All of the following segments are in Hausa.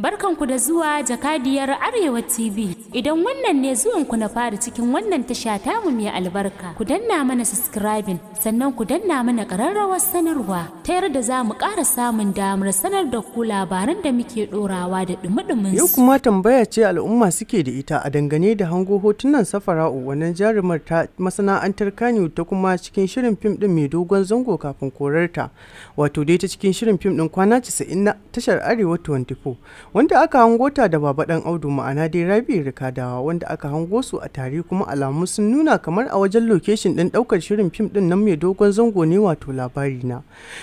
Barkanku da zuwa jakadiyar Arewa TV. Idan wannan ne zuwanku na fara cikin wannan tasha tamu mai albarka, ku danna mana subscribing sannan ku danna mana ƙararrawar sanarwa ta yarda za mu ƙara samun damar sanar da ku labaran da muke ɗorawa da ɗumi-ɗumin Yau kuma tambaya ce al'umma suke da ita a dangane da hango hotunan safara'u wannan jarumar ta masana'antar Kano ta kuma cikin shirin fim ɗin mai dogon zango kafin korarta wato dai ta cikin shirin fim ɗin kwana casa'in na tashar Arewa 24 wanda aka hango ta da baba ɗan audu ma'ana dai Rabi Rikadawa wanda aka hango su a tare kuma alamu sun nuna kamar a wajen lokeshin ɗin ɗaukar shirin fim ɗin nan mai dogon zango ne wato labari na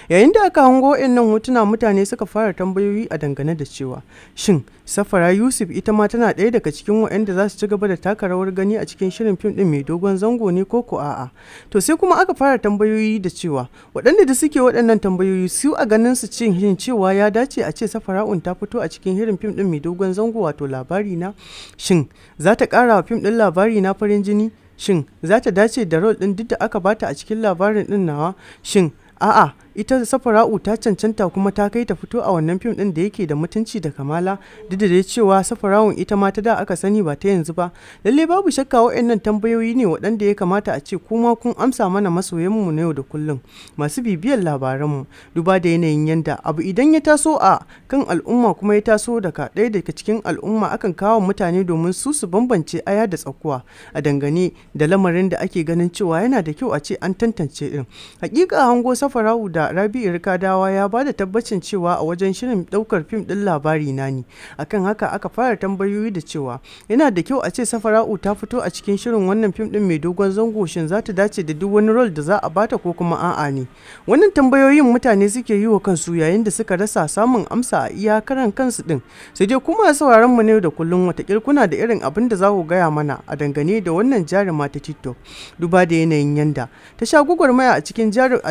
yayin da aka hango nan hotuna mutane suka fara tambayoyi a dangane da cewa shin safara yusuf ita ma tana ɗaya daga cikin waɗanda za su ci gaba da taka rawar gani a cikin shirin fim ɗin mai dogon zango ne ko ko a'a to sai kuma aka fara tambayoyi da cewa waɗanda da suke waɗannan tambayoyi su a ganin su cin hin cewa ya dace a ce safara'un ta fito a cikin shirin fim ɗin mai dogon zango wato labari na shin za ta ƙara wa fim ɗin labari na farin jini shin za ta dace da rol ɗin duk da aka bata a cikin labarin ɗin nawa shin a'a ita safara'u ta cancanta kuma ta kai ta fito a wannan fim din da yake da mutunci da kamala duk da dai cewa safarawun ita ma ta da aka sani ba ta yanzu ba lalle babu shakka waɗannan tambayoyi ne waɗanda ya kamata a ce kuma kun amsa mana masoyanmu na yau da kullum masu bibiyar labaranmu duba da yanayin yanda abu idan ya taso a kan al'umma kuma ya taso daga ɗaya daga cikin al'umma akan kawo mutane domin su su bambance aya da tsakuwa a dangane da lamarin da ake ganin cewa yana da kyau a ce an tantance din hakika hango safarawu da Rabi Irkadawa ya ba da tabbacin cewa a wajen shirin daukar fim din labari na ne. Akan haka aka fara tambayoyi da cewa yana da kyau a ce Safara'u ta fito a cikin shirin wannan fim din mai dogon zango shin za ta dace da duk wani rol da za a bata ko kuma a'a ne. Wannan tambayoyin mutane suke yi wa kansu yayin da suka rasa samun amsa a iya karan kansu din Sai dai kuma sauraron mu ne da kullum wata kuna da irin abin da za ku gaya mana a dangane da wannan jarima ta TikTok. Duba da yanayin yanda ta sha gwagwarmaya a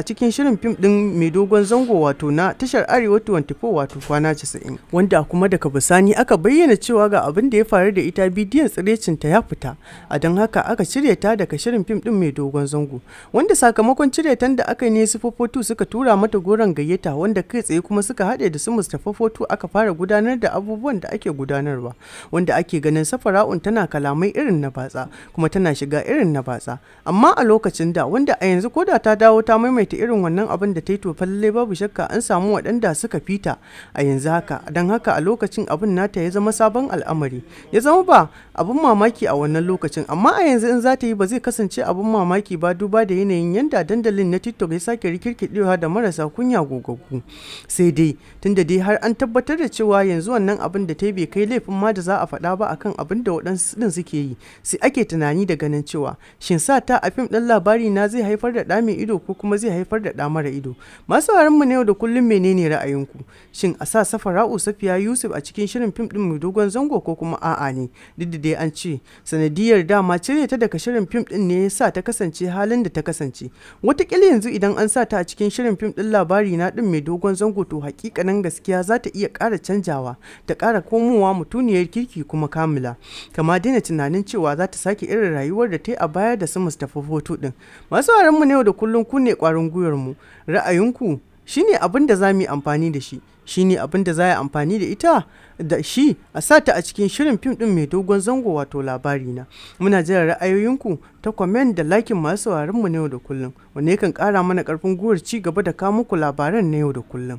cikin shirin fim din. mai dogon zango wato na tashar Arewa 24 wato kwana 90 wanda kuma daga bisani aka bayyana cewa ga abin da ya faru da ita bidiyon tsirecinta ya fita a don haka aka cire ta daga shirin fim din mai dogon zango wanda sakamakon cire da aka ne su fofotu suka tura mata goron gayyata wanda kai tsaye kuma suka haɗe da su Mustapha fofotu aka fara gudanar da abubuwan da ake gudanarwa wanda ake ganin safara'un tana kalamai irin na batsa kuma tana shiga irin na batsa amma a lokacin da wanda a yanzu koda ta dawo ta maimaita irin wannan abin da ta yi to falle babu shakka an samu waɗanda suka fita a yanzu haka don haka a lokacin abin nata ya zama sabon al'amari ya zama ba abin mamaki a wannan lokacin amma a yanzu in za ta yi ba zai kasance abin mamaki ba duba da yanayin yanda dandalin na tiktok ya sake rikirkidewa da marasa kunya gogaggu sai dai tunda dai har an tabbatar da cewa yanzu wannan abin da ta yi bai kai laifin ma da za a faɗa ba akan abin da waɗansu ɗin suke yi sai ake tunani da ganin cewa shin sa ta a fim ɗin labari na zai haifar da ɗa mai ido ko kuma zai haifar da ɗa mara ido masu mu ne da kullum menene ra'ayinku shin a sa safara'u safiya yusuf a cikin shirin fim din mai dogon zango ko kuma a'a ne duk da dai an ce sanadiyar dama cire ta daga shirin fim din ne ya sa ta kasance halin da ta kasance Wataƙila yanzu idan an sa ta a cikin shirin fim din labari na din mai dogon zango to hakikanin gaskiya za ta iya ƙara canjawa ta ƙara komowa mutuniyar kirki kuma kamila kama daina tunanin cewa za ta sake irin rayuwar da ta yi a baya da su mustapha hoto din masu mu ne da kullum kunne kwarin gwiwar mu ra'ayinku shi ne abin da za mu yi amfani da shi shi ne abin da za a yi amfani da ita da shi a sa ta a cikin shirin fim ɗin mai dogon zango wato labari na muna jiran ra'ayoyinku ta kwamen da lakin masu sauraron mu na yau da kullum wanda yakan kara mana karfin gwiwar ci gaba da kawo muku labaran na yau da kullum